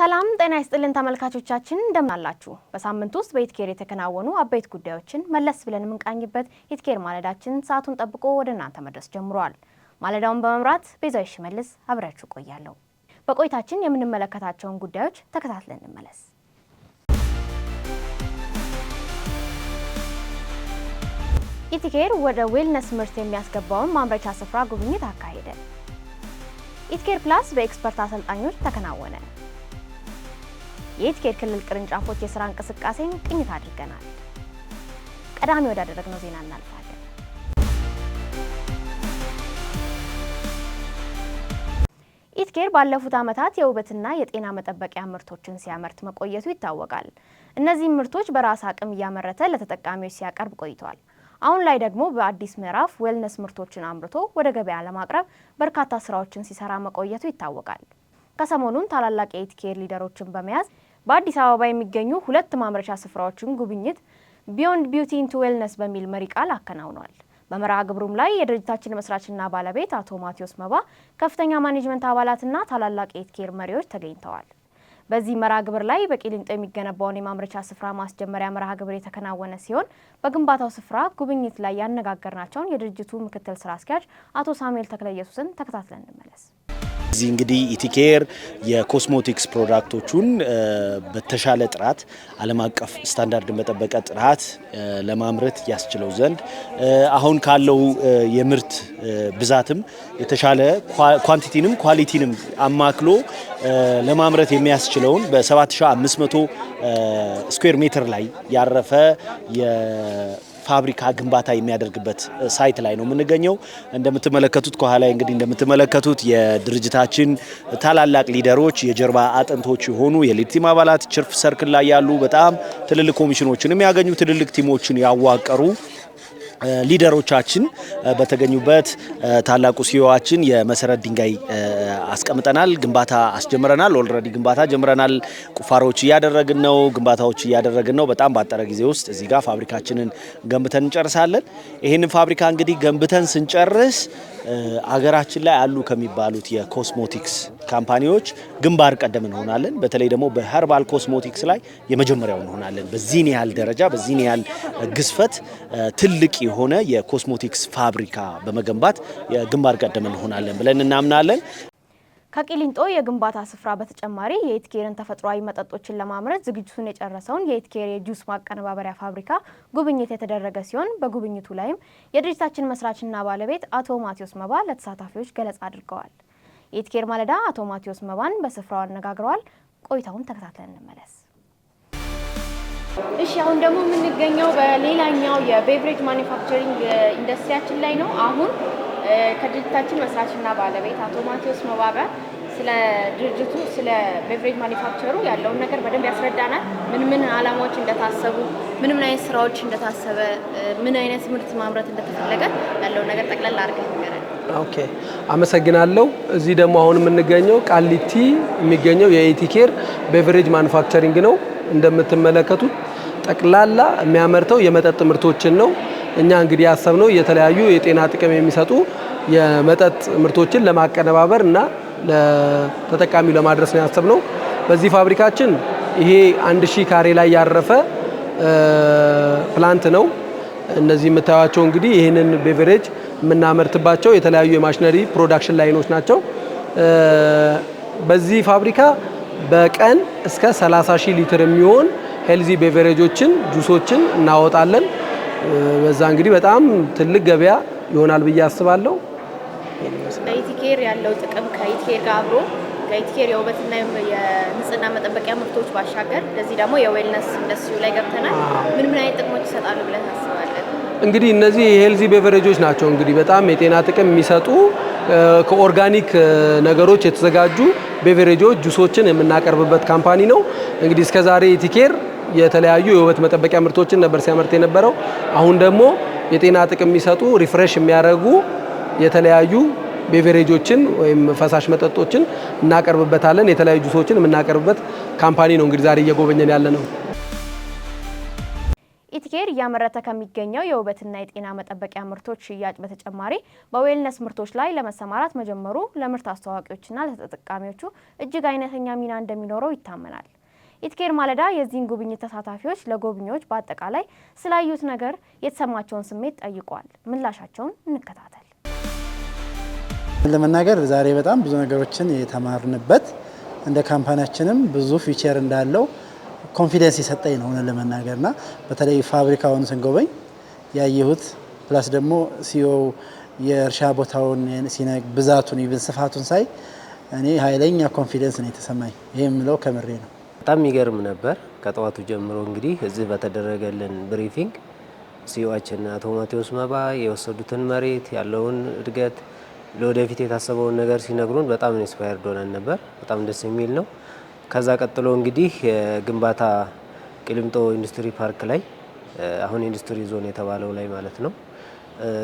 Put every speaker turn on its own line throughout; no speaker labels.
ሰላም ጤና ይስጥልን ተመልካቾቻችን፣ እንደምን አላችሁ? በሳምንት ውስጥ በኢትኬር የተከናወኑ አበይት ጉዳዮችን መለስ ብለን የምንቃኝበት ኢትኬር ማለዳችን ሰዓቱን ጠብቆ ወደ እናንተ መድረስ ጀምሯል። ማለዳውን በመምራት ቤዛ ይሽመልስ አብሬያችሁ ቆያለሁ። በቆይታችን የምንመለከታቸውን ጉዳዮች ተከታትለን እንመለስ። ኢትኬር ወደ ዌልነስ ምርት የሚያስገባውን ማምረቻ ስፍራ ጉብኝት አካሄደ። ኢትኬር ፕላስ በኤክስፐርት አሰልጣኞች ተከናወነ። የኢትኬር ክልል ቅርንጫፎች የስራ እንቅስቃሴን ቅኝት አድርገናል። ቀዳሚ ወዳደረግነው ዜና እናልፋለን። ኢትኬር ባለፉት ዓመታት የውበትና የጤና መጠበቂያ ምርቶችን ሲያመርት መቆየቱ ይታወቃል። እነዚህ ምርቶች በራስ አቅም እያመረተ ለተጠቃሚዎች ሲያቀርብ ቆይቷል። አሁን ላይ ደግሞ በአዲስ ምዕራፍ ዌልነስ ምርቶችን አምርቶ ወደ ገበያ ለማቅረብ በርካታ ስራዎችን ሲሰራ መቆየቱ ይታወቃል። ከሰሞኑን ታላላቅ የኢትኬር ሊደሮችን በመያዝ በአዲስ አበባ የሚገኙ ሁለት ማምረቻ ስፍራዎችን ጉብኝት ቢዮንድ ቢዩቲ ኢንቱ ዌልነስ በሚል መሪ ቃል አከናውኗል። በመርሃ ግብሩም ላይ የድርጅታችን መስራችና ባለቤት አቶ ማቴዎስ መባ፣ ከፍተኛ ማኔጅመንት አባላትና ታላላቅ የኤትኬር መሪዎች ተገኝተዋል። በዚህ መርሃ ግብር ላይ በቂሊንጦ የሚገነባውን የማምረቻ ስፍራ ማስጀመሪያ መርሃ ግብር የተከናወነ ሲሆን በግንባታው ስፍራ ጉብኝት ላይ ያነጋገርናቸውን የድርጅቱ ምክትል ስራ አስኪያጅ አቶ ሳሙኤል ተክለ ተከታትለን እንመለስ።
እዚህ እንግዲህ ኢቲኬር የኮስሞቲክስ ፕሮዳክቶቹን በተሻለ ጥራት ዓለም አቀፍ ስታንዳርድ በጠበቀ ጥራት ለማምረት ያስችለው ዘንድ አሁን ካለው የምርት ብዛትም የተሻለ ኳንቲቲንም ኳሊቲንም አማክሎ ለማምረት የሚያስችለውን በ7500 ስኩዌር ሜትር ላይ ያረፈ ፋብሪካ ግንባታ የሚያደርግበት ሳይት ላይ ነው የምንገኘው። እንደምትመለከቱት ከኋላ እንግዲህ እንደምትመለከቱት የድርጅታችን ታላላቅ ሊደሮች የጀርባ አጥንቶች የሆኑ የሊቲም አባላት ችርፍ ሰርክል ላይ ያሉ በጣም ትልልቅ ኮሚሽኖችን የሚያገኙ ትልልቅ ቲሞችን ያዋቀሩ ሊደሮቻችን በተገኙበት ታላቁ ሲዮዋችን የመሰረት ድንጋይ አስቀምጠናል። ግንባታ አስጀምረናል። ኦልሬዲ ግንባታ ጀምረናል። ቁፋሮዎች እያደረግን ነው። ግንባታዎች እያደረግን ነው። በጣም ባጠረ ጊዜ ውስጥ እዚህ ጋር ፋብሪካችንን ገንብተን እንጨርሳለን። ይህንን ፋብሪካ እንግዲህ ገንብተን ስንጨርስ አገራችን ላይ አሉ ከሚባሉት የኮስሞቲክስ ካምፓኒዎች ግንባር ቀደም እንሆናለን። በተለይ ደግሞ በኸርባል ኮስሞቲክስ ላይ የመጀመሪያው እንሆናለን። በዚህን ያህል ደረጃ በዚህን ያህል ግዝፈት ትልቅ የሆነ የኮስሞቲክስ ፋብሪካ በመገንባት ግንባር ቀደም እንሆናለን ብለን እናምናለን።
ከቂሊንጦ የግንባታ ስፍራ በተጨማሪ የኢትኬርን ተፈጥሯዊ መጠጦችን ለማምረት ዝግጅቱን የጨረሰውን የኢትኬር የጁስ ማቀነባበሪያ ፋብሪካ ጉብኝት የተደረገ ሲሆን በጉብኝቱ ላይም የድርጅታችን መስራችና ባለቤት አቶ ማቴዎስ መባ ለተሳታፊዎች ገለጻ አድርገዋል። የኢትኬር ማለዳ አቶ ማቴዎስ መባን በስፍራው አነጋግረዋል። ቆይታውን ተከታትለን እንመለስ።
እሺ አሁን ደግሞ የምንገኘው በሌላኛው የቤቨሬጅ ማኒፋክቸሪንግ ኢንዱስትሪያችን ላይ ነው። አሁን ከድርጅታችን መስራችና ባለቤት አቶ ማቴዎስ መባቢያ ስለ ድርጅቱ ስለ ቤቨሬጅ ማኒፋክቸሩ ያለውን ነገር በደንብ ያስረዳናል። ምን ምን ዓላማዎች እንደታሰቡ፣ ምን ምን አይነት ስራዎች እንደታሰበ፣ ምን አይነት ምርት ማምረት እንደተፈለገ ያለውን ነገር ጠቅላላ አድርገህ
ኦኬ፣ አመሰግናለሁ። እዚህ ደግሞ አሁን የምንገኘው ቃሊቲ የሚገኘው የኢቲኬር ቤቨሬጅ ማኒፋክቸሪንግ ነው። እንደምትመለከቱት ጠቅላላ የሚያመርተው የመጠጥ ምርቶችን ነው። እኛ እንግዲህ ያሰብነው የተለያዩ የጤና ጥቅም የሚሰጡ የመጠጥ ምርቶችን ለማቀነባበር እና ለተጠቃሚው ለማድረስ ነው ያሰብነው። በዚህ ፋብሪካችን ይሄ አንድ ሺህ ካሬ ላይ ያረፈ ፕላንት ነው። እነዚህ የምታዩቸው እንግዲህ ይህንን ቤቨሬጅ የምናመርትባቸው የተለያዩ የማሽነሪ ፕሮዳክሽን ላይኖች ናቸው። በዚህ ፋብሪካ በቀን እስከ 30 ሺህ ሊትር የሚሆን ሄልዚ ቤቨሬጆችን ጁሶችን እናወጣለን። በዛ እንግዲህ በጣም ትልቅ ገበያ ይሆናል ብዬ አስባለሁ።
ኢቲኬር ያለው ጥቅም ከኢቲኬር ጋር አብሮ ከኢቲኬር የውበትና የንጽህና መጠበቂያ ምርቶች ባሻገር ለዚህ ደግሞ የዌልነስ ኢንዱስትሪ ላይ ገብተናል። ምን ምን አይነት ጥቅሞች ይሰጣሉ ብለን ታስባለን?
እንግዲህ እነዚህ የሄልዚ ቤቨሬጆች ናቸው። እንግዲህ በጣም የጤና ጥቅም የሚሰጡ ከኦርጋኒክ ነገሮች የተዘጋጁ ቤቨሬጆች ጁሶችን የምናቀርብበት ካምፓኒ ነው። እንግዲህ እስከዛሬ ኢቲኬር የተለያዩ የውበት መጠበቂያ ምርቶችን ነበር ሲያመርት የነበረው። አሁን ደግሞ የጤና ጥቅም የሚሰጡ ሪፍሬሽ የሚያደርጉ የተለያዩ ቤቬሬጆችን ወይም ፈሳሽ መጠጦችን እናቀርብበታለን። የተለያዩ ጁሶችን የምናቀርብበት ካምፓኒ ነው እንግዲህ ዛሬ እየጎበኘን ያለ ነው።
ኢትኬር እያመረተ ከሚገኘው የውበትና የጤና መጠበቂያ ምርቶች ሽያጭ በተጨማሪ በዌልነስ ምርቶች ላይ ለመሰማራት መጀመሩ ለምርት አስተዋቂዎችና ለተጠቃሚዎቹ እጅግ አይነተኛ ሚና እንደሚኖረው ይታመናል። ኢትኬር ማለዳ የዚህን ጉብኝት ተሳታፊዎች ለጎብኚዎች በአጠቃላይ ስላዩት ነገር የተሰማቸውን ስሜት ጠይቋል። ምላሻቸውን እንከታተል።
ለመናገር ዛሬ በጣም ብዙ ነገሮችን የተማርንበት እንደ ካምፓኒያችንም ብዙ ፊቸር እንዳለው ኮንፊደንስ የሰጠኝ ነው ለመናገር ና በተለይ ፋብሪካውን ስንጎበኝ ያየሁት ፕላስ ደግሞ ሲዮ የእርሻ ቦታውን ብዛቱን ይብን ስፋቱን ሳይ እኔ ኃይለኛ ኮንፊደንስ ነው የተሰማኝ። ይህ የምለው ከምሬ ነው።
በጣም የሚገርም ነበር። ከጠዋቱ ጀምሮ እንግዲህ እዚህ በተደረገልን ብሪፊንግ ሲዮአችን አቶ ማቴዎስ መባ የወሰዱትን መሬት ያለውን እድገት ለወደፊት የታሰበውን ነገር ሲነግሩን በጣም ኢንስፓየርድ ሆነን ነበር። በጣም ደስ የሚል ነው። ከዛ ቀጥሎ እንግዲህ የግንባታ ቅልምጦ ኢንዱስትሪ ፓርክ ላይ አሁን ኢንዱስትሪ ዞን የተባለው ላይ ማለት ነው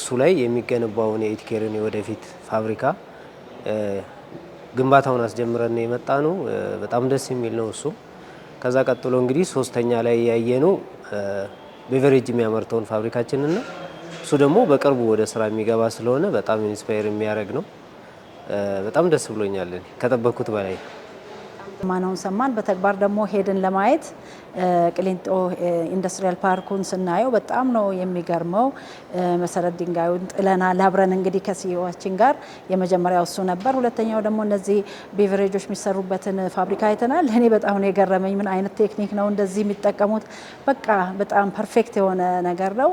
እሱ ላይ የሚገነባውን የኢትኬርን የወደፊት ፋብሪካ ግንባታውን አስጀምረን የመጣ ነው። በጣም ደስ የሚል ነው እሱም ከዛ ቀጥሎ እንግዲህ ሶስተኛ ላይ ያየነው ቤቨሬጅ የሚያመርተውን ፋብሪካችን ና እሱ ደግሞ በቅርቡ ወደ ስራ የሚገባ ስለሆነ በጣም ኢንስፓየር የሚያደርግ ነው። በጣም ደስ ብሎኛል፣ ከጠበኩት በላይ
ማናውን ሰማን በተግባር ደግሞ ሄድን ለማየት ቅሊንጦ ኢንዱስትሪያል ፓርኩን ስናየው በጣም ነው የሚገርመው። መሰረት ድንጋዩን ጥለናል አብረን እንግዲህ ከሲዮችን ጋር የመጀመሪያው እሱ ነበር። ሁለተኛው ደግሞ እነዚህ ቤቨሬጆች የሚሰሩበትን ፋብሪካ አይተናል። እኔ በጣም ነው የገረመኝ። ምን አይነት ቴክኒክ ነው እንደዚህ የሚጠቀሙት? በቃ በጣም ፐርፌክት የሆነ ነገር ነው።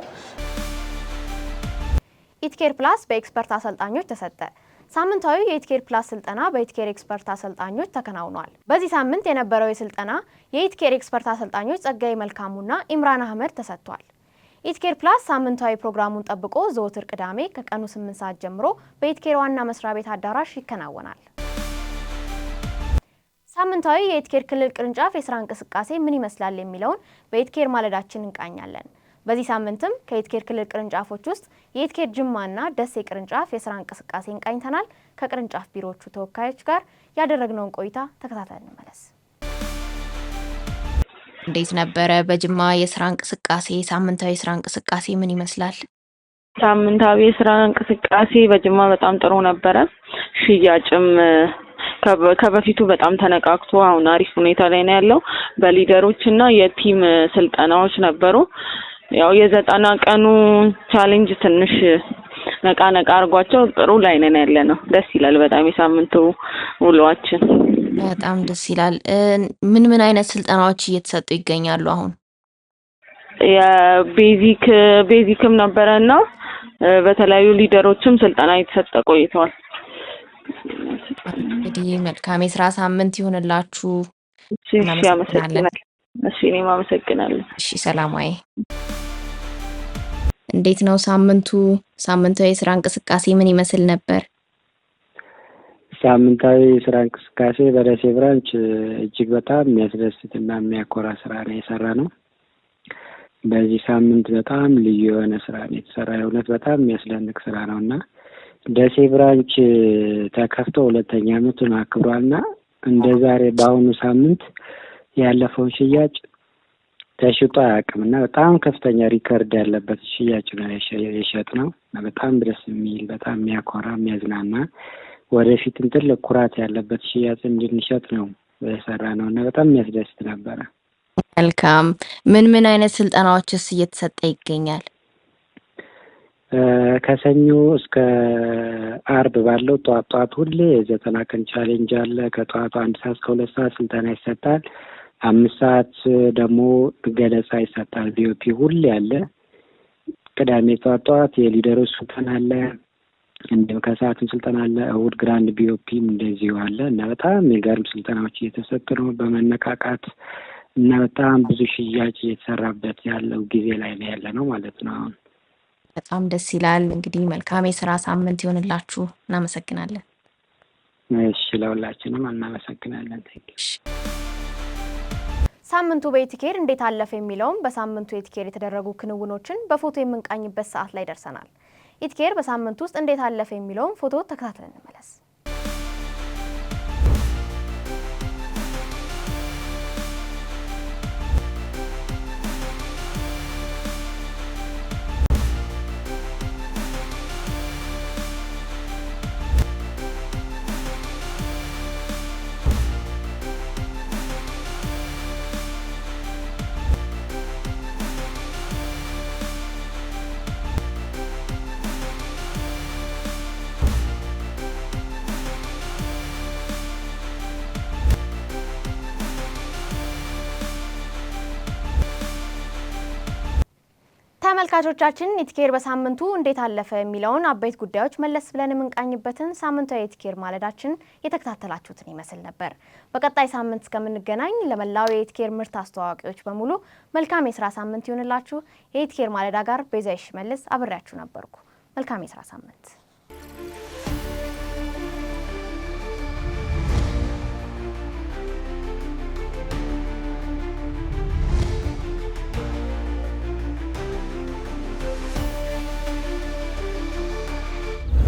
ኢትኬር ፕላስ በኤክስፐርት አሰልጣኞች ተሰጠ። ሳምንታዊ የኢትኬር ፕላስ ስልጠና በኢትኬር ኤክስፐርት አሰልጣኞች ተከናውኗል። በዚህ ሳምንት የነበረው የስልጠና የኢትኬር ኤክስፐርት አሰልጣኞች ጸጋይ መልካሙና ኢምራን አህመድ ተሰጥቷል። ኢትኬር ፕላስ ሳምንታዊ ፕሮግራሙን ጠብቆ ዘወትር ቅዳሜ ከቀኑ 8 ሰዓት ጀምሮ በኢትኬር ዋና መስሪያ ቤት አዳራሽ ይከናወናል። ሳምንታዊ የኢትኬር ክልል ቅርንጫፍ የስራ እንቅስቃሴ ምን ይመስላል የሚለውን በኢትኬር ማለዳችን እንቃኛለን። በዚህ ሳምንትም ከኢትኬር ክልል ቅርንጫፎች ውስጥ የኢትኬር ጅማና ደሴ ቅርንጫፍ የስራ እንቅስቃሴን ቃኝተናል። ከቅርንጫፍ ቢሮዎቹ ተወካዮች ጋር ያደረግነውን ቆይታ ተከታታይ እንመለስ።
እንዴት ነበረ በጅማ የስራ እንቅስቃሴ? ሳምንታዊ የስራ እንቅስቃሴ ምን ይመስላል?
ሳምንታዊ የስራ እንቅስቃሴ በጅማ በጣም ጥሩ ነበረ። ሽያጭም ከበፊቱ በጣም ተነቃቅቶ አሁን አሪፍ ሁኔታ ላይ ነው ያለው። በሊደሮች እና የቲም ስልጠናዎች ነበሩ። ያው የዘጠና ቀኑ ቻሌንጅ ትንሽ ነቃ ነቃ አርጓቸው ጥሩ ላይ ነን ያለ ነው። ደስ ይላል በጣም የሳምንቱ ውሏችን
በጣም ደስ ይላል። ምን ምን አይነት ስልጠናዎች እየተሰጡ ይገኛሉ? አሁን
የቤዚክ ቤዚክም ነበረ እና በተለያዩ ሊደሮችም ስልጠና እየተሰጠ ቆይተዋል።
እንግዲህ መልካም የስራ ሳምንት ይሁንላችሁ።
እናመሰግናለን። እሺ እኔም አመሰግናለሁ።
እሺ ሰላማዊ እንዴት ነው ሳምንቱ? ሳምንታዊ የስራ እንቅስቃሴ ምን ይመስል ነበር?
ሳምንታዊ የስራ እንቅስቃሴ በደሴ ብራንች እጅግ በጣም የሚያስደስት እና የሚያኮራ ስራ ነው የሰራ ነው። በዚህ ሳምንት በጣም ልዩ የሆነ ስራ ነው የተሰራ። የእውነት በጣም የሚያስደንቅ ስራ ነው እና ደሴ ብራንች ተከፍቶ ሁለተኛ ዓመቱን አክብሯል እና እንደ ዛሬ በአሁኑ ሳምንት ያለፈውን ሽያጭ ተሽጦ አያውቅም እና በጣም ከፍተኛ ሪከርድ ያለበት ሽያጭ ነው የሸጥ ነው። በጣም ደስ የሚል በጣም የሚያኮራ የሚያዝናና ወደፊትም ትልቅ ኩራት ያለበት ሽያጭ እንድንሸጥ ነው የሰራ ነው እና በጣም የሚያስደስት ነበረ።
መልካም። ምን ምን አይነት ስልጠናዎችስ እየተሰጠ ይገኛል?
ከሰኞ እስከ አርብ ባለው ጠዋት ጠዋት ሁሌ የዘጠና ቀን ቻሌንጅ አለ። ከጠዋቱ አንድ ሰዓት እስከ ሁለት ሰዓት ስልጠና ይሰጣል። አምስት ሰዓት ደግሞ ገለጻ ይሰጣል። ቪኦፒ ሁሌ አለ። ቅዳሜ ጠዋት ጠዋት የሊደሮች ስልጠና አለ። እንዲሁም ከሰዓትም ስልጠና አለ። እሁድ ግራንድ ቢኦፒም እንደዚሁ አለ እና በጣም የሚገርም ስልጠናዎች እየተሰጡ ነው። በመነቃቃት እና በጣም ብዙ ሽያጭ እየተሰራበት ያለው ጊዜ ላይ ነው ያለ ነው ማለት ነው። አሁን
በጣም ደስ ይላል። እንግዲህ መልካም የስራ ሳምንት ይሆንላችሁ። እናመሰግናለን።
እሺ፣ ለሁላችንም እናመሰግናለን።
ሳምንቱ በኢቲኬር እንዴት አለፈ የሚለውም በሳምንቱ የኢቲኬር የተደረጉ ክንውኖችን በፎቶ የምንቃኝበት ሰዓት ላይ ደርሰናል። ኢቲኬር በሳምንቱ ውስጥ እንዴት አለፈ የሚለውም ፎቶ ተከታትለን እንመለስ። ተመልካቾቻችን ኢቲኬር በሳምንቱ እንዴት አለፈ የሚለውን አበይት ጉዳዮች መለስ ብለን የምንቃኝበትን ሳምንታዊ ኢቲኬር ማለዳችን የተከታተላችሁትን ይመስል ነበር። በቀጣይ ሳምንት እስከምንገናኝ ለመላው የኢቲኬር ምርት አስተዋዋቂዎች በሙሉ መልካም የስራ ሳምንት ይሆንላችሁ። የኢቲኬር ማለዳ ጋር ቤዛ ይሽመልስ አብሬያችሁ ነበርኩ። መልካም የስራ ሳምንት